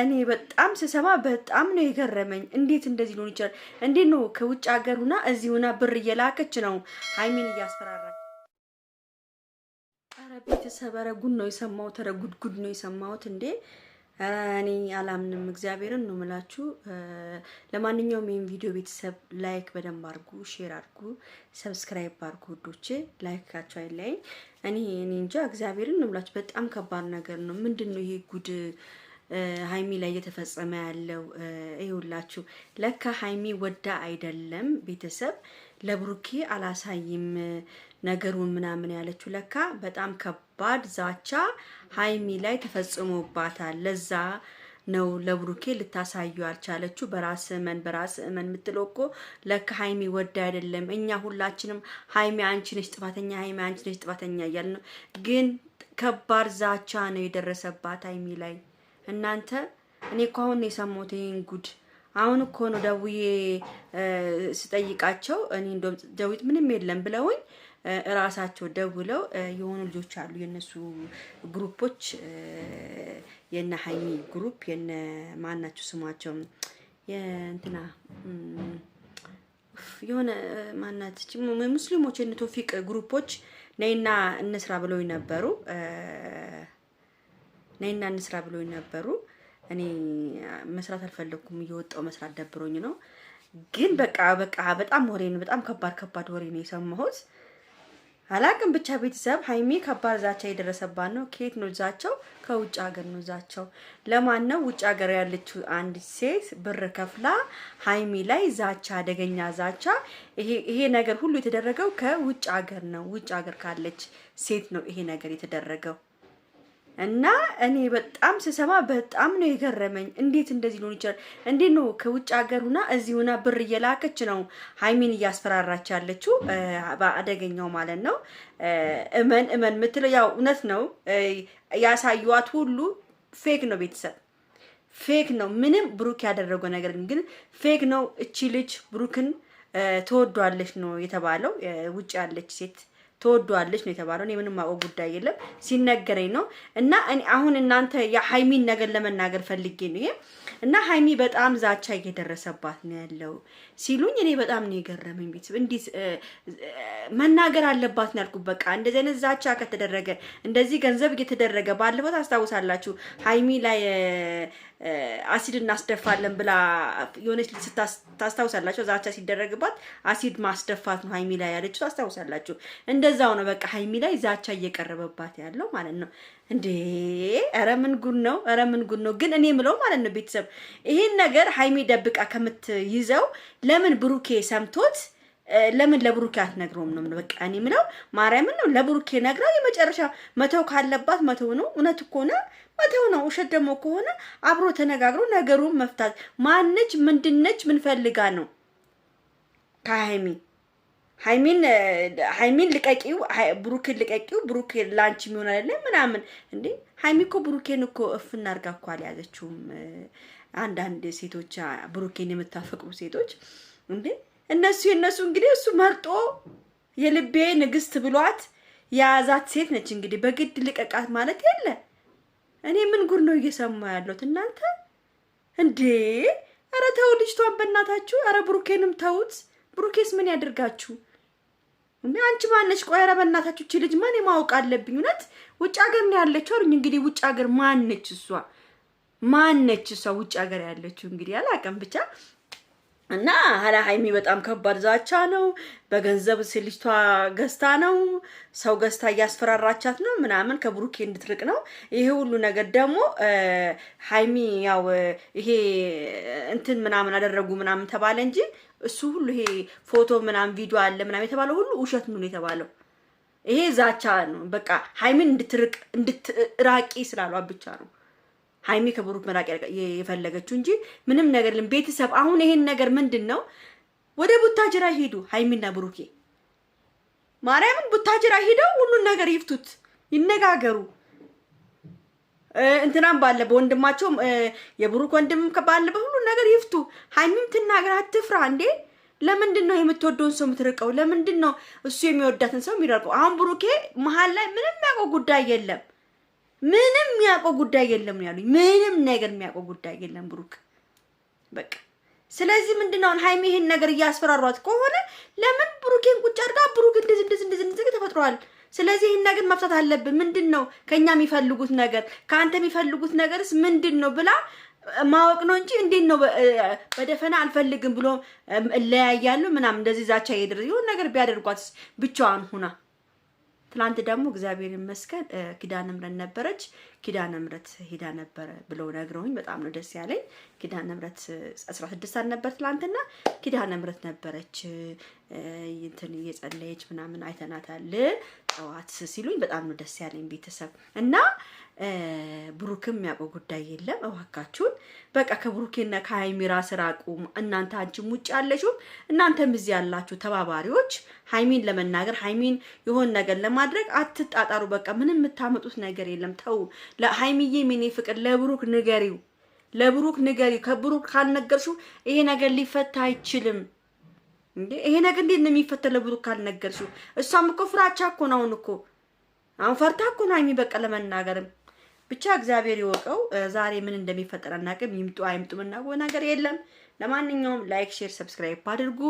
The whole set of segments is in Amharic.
እኔ በጣም ስሰማ በጣም ነው የገረመኝ። እንዴት እንደዚህ ሊሆን ይችላል? እንዴት ነው ከውጭ ሀገር ሁና እዚህ ሁና ብር እየላከች ነው ሀይሚን እያስፈራራች። ኧረ ቤተሰብ፣ ኧረ ጉድ ነው የሰማሁት። ኧረ ጉድ ጉድ ነው የሰማሁት እንዴ! እኔ አላምንም እግዚአብሔርን ነው ምላችሁ። ለማንኛውም ይህን ቪዲዮ ቤተሰብ ላይክ በደንብ አድርጉ፣ ሼር አድርጉ፣ ሰብስክራይብ አድርጉ። ውዶቼ። ላይካቸው አይለያኝ። እኔ እኔ እንጃ እግዚአብሔርን ነው ምላችሁ። በጣም ከባድ ነገር ነው። ምንድን ነው ይሄ ጉድ? ሀይሚ ላይ እየተፈጸመ ያለው ይሁላችሁ። ለካ ሀይሚ ወዳ አይደለም ቤተሰብ ለብሩኬ አላሳይም ነገሩን ምናምን ያለችው ለካ በጣም ከባድ ዛቻ ሀይሚ ላይ ተፈጽሞባታል። ለዛ ነው ለብሩኬ ልታሳዩ አልቻለችው። በራስ እመን በራስ እመን የምትለው እኮ ለካ ሀይሚ ወዳ አይደለም። እኛ ሁላችንም ሀይሚ አንቺ ነሽ ጥፋተኛ፣ ሀይሚ አንቺ ጥፋተኛ እያል ነው። ግን ከባድ ዛቻ ነው የደረሰባት ሀይሚ ላይ። እናንተ እኔ እኮ አሁን ነው የሰማሁት ጉድ። አሁን እኮ ነው ደውዬ ስጠይቃቸው እኔ እንደውም ደዊት ምንም የለም ብለውኝ እራሳቸው ደውለው የሆኑ ልጆች አሉ የነሱ ግሩፖች የነ ሀይሚ ግሩፕ የነ ማናቸው ስማቸው የእንትና የሆነ ማናት ሙስሊሞች የነ ቶፊቅ ግሩፖች ነይና እንስራ ብለው ነበሩ። እና እንስራ ብሎኝ ነበሩ። እኔ መስራት አልፈለኩም። እየወጣው መስራት ደብሮኝ ነው። ግን በቃ በቃ በጣም ወሬ በጣም ከባድ ከባድ ወሬ ነው የሰማሁት። አላቅም ብቻ ቤተሰብ ሀይሜ ከባድ ዛቻ የደረሰባት ነው። ከየት ነው ዛቸው? ከውጭ ሀገር ነው ዛቸው። ለማን ነው? ውጭ ሀገር ያለችው አንድ ሴት ብር ከፍላ ሀይሜ ላይ ዛቻ፣ አደገኛ ዛቻ። ይሄ ነገር ሁሉ የተደረገው ከውጭ ሀገር ነው። ውጭ ሀገር ካለች ሴት ነው ይሄ ነገር የተደረገው። እና እኔ በጣም ስሰማ በጣም ነው የገረመኝ። እንዴት እንደዚህ ሊሆን ይችላል? እንዴት ነው ከውጭ ሀገር ሁና እዚህ ሁና ብር እየላከች ነው ሀይሚን እያስፈራራች ያለችው በአደገኛው ማለት ነው። እመን እመን የምትለው ያው እውነት ነው። ያሳዩዋት ሁሉ ፌክ ነው። ቤተሰብ ፌክ ነው። ምንም ብሩክ ያደረገው ነገር ግን ፌክ ነው። እቺ ልጅ ብሩክን ትወዷለች ነው የተባለው። ውጭ ያለች ሴት ተወዷለች ነው የተባለው። እኔ ምንም አውቀው ጉዳይ የለም ሲነገረኝ ነው። እና አሁን እናንተ የሀይሚን ነገር ለመናገር ፈልጌ ነው ይሄ እና ሀይሚ በጣም ዛቻ እየደረሰባት ነው ያለው ሲሉኝ እኔ በጣም ነው የገረመኝ። ቤተሰብ እንዲህ መናገር አለባት ነው ያልኩት። በቃ እንደዚህ አይነት ዛቻ ከተደረገ እንደዚህ ገንዘብ እየተደረገ ባለፈው ታስታውሳላችሁ ሀይሚ ላይ አሲድ እናስደፋለን ብላ የሆነች ልጅ ታስታውሳላችሁ። ዛቻ ሲደረግባት አሲድ ማስደፋት ነው ሀይሚ ላይ ያለችው ታስታውሳላችሁ። እንደዛው ነው በቃ ሀይሚ ላይ ዛቻ እየቀረበባት ያለው ማለት ነው። እንዴ ኧረ ምን ጉድ ነው! ኧረ ምን ጉድ ነው! ግን እኔ ምለው ማለት ነው ቤተሰብ ይሄን ነገር ሀይሚ ደብቃ ከምትይዘው ለምን ብሩኬ ሰምቶት ለምን ለብሩኬ አትነግረውም ነው በቃ እኔ የምለው ማርያምን ነው ለብሩኬ ነግራው የመጨረሻ መተው ካለባት መተው ነው። እውነት ከሆነ መተው ነው፣ ውሸት ደግሞ ከሆነ አብሮ ተነጋግሮ ነገሩን መፍታት። ማነች ምንድነች ምንፈልጋ ነው ከሀይሚ ሃይሚን ሃይሚን ልቀቂው፣ ብሩኬን ልቀቂው፣ ብሩኬ ላንቺ የሚሆን አይደለም ምናምን። እንዴ ሃይሚ እኮ ብሩኬን እኮ እፍና አድርጋ እኮ አልያዘችውም። አንዳንድ ሴቶች ብሩኬን የምታፈቅሩ ሴቶች እንዴ እነሱ የእነሱ እንግዲህ እሱ መርጦ የልቤ ንግስት ብሏት የያዛት ሴት ነች። እንግዲህ በግድ ልቀቃት ማለት የለ። እኔ ምን ጉድ ነው እየሰማ ያለሁት እናንተ እንዴ! ኧረ ተው ልጅቷን በእናታችሁ። ኧረ ብሩኬንም ተውት። ብሩኬስ ምን ያደርጋችሁ? አንቺ ማነች? ቆይ ኧረ በእናታችሁ እቺ ልጅ ማን የማወቅ አለብኝ። እውነት ውጭ ሀገር ነው ያለችው አሉኝ። እንግዲህ ውጭ ሀገር ማነች እሷ? ማነች እሷ ውጭ ሀገር ያለችው? እንግዲህ አላውቅም ብቻ እና ሀላ ሀይሚ በጣም ከባድ ዛቻ ነው። በገንዘብ ስልጅቷ ገዝታ ነው ሰው ገዝታ እያስፈራራቻት ነው ምናምን ከብሩኬ እንድትርቅ ነው። ይሄ ሁሉ ነገር ደግሞ ሀይሚ ያው ይሄ እንትን ምናምን አደረጉ ምናምን ተባለ እንጂ እሱ ሁሉ ይሄ ፎቶ ምናምን ቪዲዮ አለ ምናምን የተባለው ሁሉ ውሸት ነው የተባለው። ይሄ ዛቻ ነው። በቃ ሀይሚን እንድትርቅ እንድትራቂ ስላሏ ብቻ ነው። ሀይሚ ከብሩክ መራቅ የፈለገችው እንጂ ምንም ነገር ልን ቤተሰብ አሁን ይሄን ነገር ምንድን ነው? ወደ ቡታጅራ ሂዱ ሀይሚና ብሩኬ ማርያምን ቡታጅራ ሂደው ሁሉን ነገር ይፍቱት፣ ይነጋገሩ። እንትናም ባለ በወንድማቸውም የብሩክ ወንድም ባለ በሁሉን ነገር ይፍቱ። ሀይሚም ትናገር፣ አትፍራ እንዴ። ለምንድን ነው የምትወደውን ሰው የምትርቀው? ለምንድን ነው እሱ የሚወዳትን ሰው የሚረቀው? አሁን ብሩኬ መሀል ላይ ምንም ያውቀው ጉዳይ የለም። ምንም የሚያውቀው ጉዳይ የለም ነው ያሉኝ። ምንም ነገር የሚያውቀው ጉዳይ የለም ብሩክ በቃ ስለዚህ ምንድነው ሀይሚ ይሄን ነገር እያስፈራሯት ከሆነ ለምን ብሩኬን ቁጭ አድርጋ ብሩክ እንደዚህ እንደዚህ እንደዚህ እንደዚህ ተፈጥሯል፣ ስለዚህ ይሄን ነገር መፍታት አለብን፣ ምንድን ነው ከኛ የሚፈልጉት ነገር ከአንተ የሚፈልጉት ነገርስ ምንድን ነው ብላ ማወቅ ነው እንጂ እንዴት ነው በደፈና አልፈልግም ብሎ እለያያሉ ምናምን እንደዚህ ዛቻ የድር ይሁን ነገር ቢያደርጓትስ ብቻዋን ሁና ትላንት ደግሞ እግዚአብሔር ይመስገን ኪዳነ ምሕረት ነበረች። ኪዳነ ምሕረት ሄዳ ነበረ ብለው ነግረውኝ በጣም ነው ደስ ያለኝ። ኪዳነ ምሕረት 16 ሰዓት ነበር ትላንትና ኪዳነ ምሕረት ነበረች እንትን እየጸለየች ምናምን አይተናታል ጠዋት ሲሉኝ በጣም ነው ደስ ያለኝ ቤተሰብ እና ብሩክም የሚያውቀው ጉዳይ የለም። እባካችሁን በቃ ከብሩኬና ከሀይሚ ስራ ራቁ። እናንተ አንቺም ውጭ ያለችው እናንተም እዚህ ያላችሁ ተባባሪዎች ሀይሚን ለመናገር ሀይሚን የሆን ነገር ለማድረግ አትጣጣሩ። በቃ ምንም የምታመጡት ነገር የለም። ተው። ለሀይሚዬ የኔ ፍቅር ለብሩክ ንገሪው፣ ለብሩክ ንገሪው። ከብሩክ ካልነገርሽው ይሄ ነገር ሊፈታ አይችልም። እንዴ ይሄ ነገር እንዴት ነው የሚፈታ? ለብሩክ ካልነገርሽው። እሷም እኮ ፍራቻ እኮ ነው። አሁን እኮ አሁን ፈርታ እኮ ነው ሀይሚ በቃ ለመናገርም ብቻ እግዚአብሔር ይወቀው። ዛሬ ምን እንደሚፈጠር አናውቅም። ይምጡ አይምጡ ምናውቀው ነገር የለም። ለማንኛውም ላይክ፣ ሼር፣ ሰብስክራይብ አድርጉ።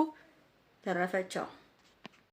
ተረፈቻው